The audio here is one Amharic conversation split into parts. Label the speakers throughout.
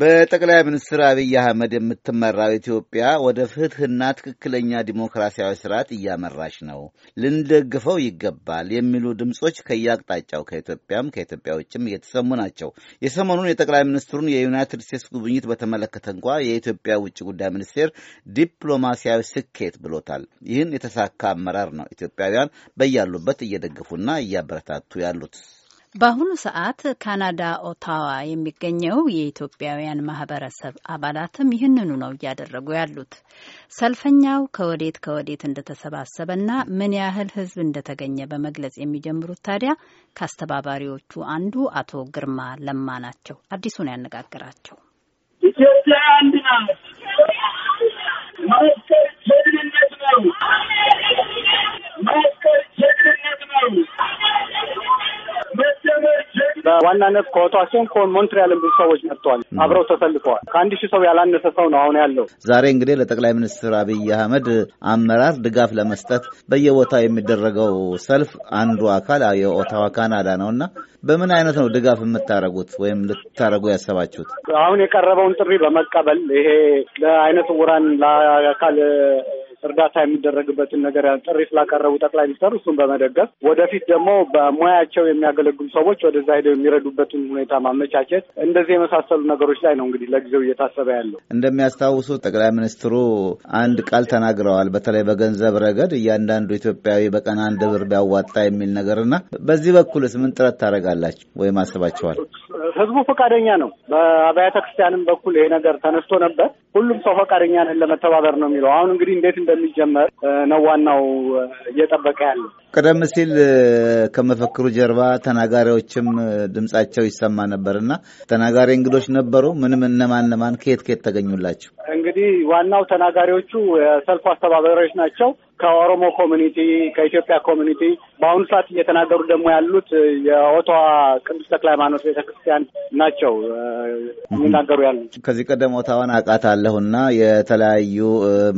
Speaker 1: በጠቅላይ ሚኒስትር አብይ አህመድ የምትመራው ኢትዮጵያ ወደ ፍትህና ትክክለኛ ዲሞክራሲያዊ ስርዓት እያመራች ነው፣ ልንደግፈው ይገባል የሚሉ ድምፆች ከየአቅጣጫው ከኢትዮጵያም ከኢትዮጵያ ውጭም እየተሰሙ ናቸው። የሰሞኑን የጠቅላይ ሚኒስትሩን የዩናይትድ ስቴትስ ጉብኝት በተመለከተ እንኳ የኢትዮጵያ ውጭ ጉዳይ ሚኒስቴር ዲፕሎማሲያዊ ስኬት ብሎታል። ይህን የተሳካ አመራር ነው ኢትዮጵያውያን በያሉበት እየደገፉና እያበረታቱ ያሉት። በአሁኑ ሰዓት ካናዳ ኦታዋ የሚገኘው የኢትዮጵያውያን ማህበረሰብ አባላትም ይህንኑ ነው እያደረጉ ያሉት። ሰልፈኛው ከወዴት ከወዴት እንደተሰባሰበና ምን ያህል ሕዝብ እንደተገኘ በመግለጽ የሚጀምሩት ታዲያ ከአስተባባሪዎቹ አንዱ አቶ ግርማ ለማ ናቸው። አዲሱን ያነጋግራቸው
Speaker 2: ኢትዮጵያ አንድ ናት። በዋናነት ሲሆን ከሞንትሪያል ብዙ ሰዎች መጥተዋል። አብረው ተሰልፈዋል። ከአንድ ሺህ ሰው ያላነሰ ሰው ነው አሁን ያለው።
Speaker 1: ዛሬ እንግዲህ ለጠቅላይ ሚኒስትር አብይ አህመድ አመራር ድጋፍ ለመስጠት በየቦታው የሚደረገው ሰልፍ አንዱ አካል የኦታዋ ካናዳ ነው እና በምን አይነት ነው ድጋፍ የምታደርጉት ወይም ልታደርጉ ያሰባችሁት?
Speaker 2: አሁን የቀረበውን ጥሪ በመቀበል ይሄ ለአይነት ውራን ለአካል እርዳታ የሚደረግበትን ነገር ጥሪ ስላቀረቡ ጠቅላይ ሚኒስተሩ እሱን በመደገፍ ወደፊት ደግሞ በሙያቸው የሚያገለግሉ ሰዎች ወደዛ ሄደው የሚረዱበትን ሁኔታ ማመቻቸት እንደዚህ የመሳሰሉ ነገሮች ላይ ነው እንግዲህ ለጊዜው እየታሰበ ያለው።
Speaker 1: እንደሚያስታውሱ ጠቅላይ ሚኒስትሩ አንድ ቃል ተናግረዋል። በተለይ በገንዘብ ረገድ እያንዳንዱ ኢትዮጵያዊ በቀን አንድ ብር ቢያዋጣ የሚል ነገርና በዚህ በኩልስ ምን ጥረት ታደርጋላችሁ ወይም አስባችኋል?
Speaker 2: ህዝቡ ፈቃደኛ ነው። በአብያተ ክርስቲያንም በኩል ይሄ ነገር ተነስቶ ነበር። ሁሉም ሰው ፈቃደኛ ነን ለመተባበር ነው የሚለው። አሁን እንግዲህ እንዴት እንደሚጀመር ነው ዋናው እየጠበቀ ያለ።
Speaker 1: ቀደም ሲል ከመፈክሩ ጀርባ ተናጋሪዎችም ድምጻቸው ይሰማ ነበር እና ተናጋሪ እንግዶች ነበሩ። ምንም እነማን እነማን ከየት ከየት ተገኙላቸው?
Speaker 2: እንግዲህ ዋናው ተናጋሪዎቹ የሰልፉ አስተባባሪዎች ናቸው። ከኦሮሞ ኮሚኒቲ፣ ከኢትዮጵያ ኮሚኒቲ በአሁኑ ሰዓት እየተናገሩ ደግሞ ያሉት የኦቶዋ ቅዱስ ተክለ ሃይማኖት ቤተክርስቲያን ናቸው የሚናገሩ ያሉት።
Speaker 1: ከዚህ ቀደም ኦታዋን አውቃታለሁና የተለያዩ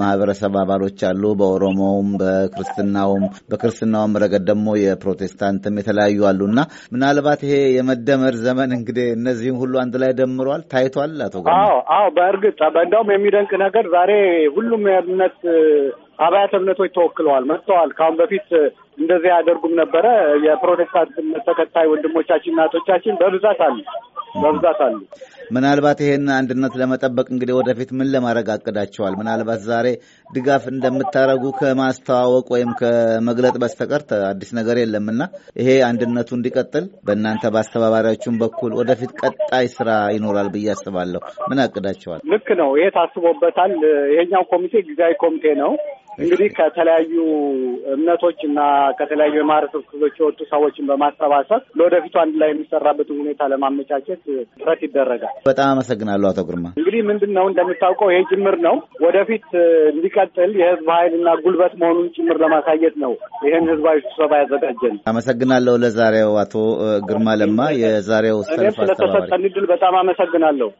Speaker 1: ማህበረሰብ አባሎች አሉ። በኦሮሞውም፣ በክርስትናውም በክርስትናውም ረገድ ደግሞ የፕሮቴስታንትም የተለያዩ አሉና ምናልባት ይሄ የመደመር ዘመን እንግዲህ እነዚህም ሁሉ አንድ ላይ ደምሯል ታይቷል። አቶ አዎ፣
Speaker 2: አዎ፣ በእርግጥ በእንደውም የሚደንቅ ነገር ዛሬ ሁሉም የእምነት አብያተ እምነቶች ተወክለዋል መጥተዋል። ከአሁን በፊት እንደዚህ ያደርጉም ነበረ። የፕሮቴስታንት ተከታይ ወንድሞቻችን እናቶቻችን በብዛት አሉ በብዛት አሉ።
Speaker 1: ምናልባት ይሄን አንድነት ለመጠበቅ እንግዲህ ወደፊት ምን ለማድረግ አቅዳቸዋል? ምናልባት ዛሬ ድጋፍ እንደምታደርጉ ከማስተዋወቅ ወይም ከመግለጥ በስተቀር አዲስ ነገር የለምና ይሄ አንድነቱ እንዲቀጥል በእናንተ በአስተባባሪያችሁም በኩል ወደፊት ቀጣይ ስራ ይኖራል ብዬ አስባለሁ። ምን አቅዳቸዋል?
Speaker 2: ልክ ነው። ይሄ ታስቦበታል። ይሄኛው ኮሚቴ ጊዜያዊ ኮሚቴ ነው። እንግዲህ ከተለያዩ እምነቶች እና ከተለያዩ የማህበረሰብ ክፍሎች የወጡ ሰዎችን በማሰባሰብ ለወደፊቱ አንድ ላይ የሚሰራበትን ሁኔታ ለማመቻቸት ጥረት ይደረጋል።
Speaker 1: በጣም አመሰግናለሁ አቶ ግርማ።
Speaker 2: እንግዲህ ምንድን ነው እንደምታውቀው ይሄ ጅምር ነው። ወደፊት እንዲቀጥል የህዝብ ኃይል እና ጉልበት መሆኑን ጭምር ለማሳየት ነው ይህን ህዝባዊ ስብሰባ ያዘጋጀን።
Speaker 1: አመሰግናለሁ ለዛሬው አቶ ግርማ ለማ የዛሬው ሰልፍ ስለተሰጠን
Speaker 2: እድል በጣም አመሰግናለሁ።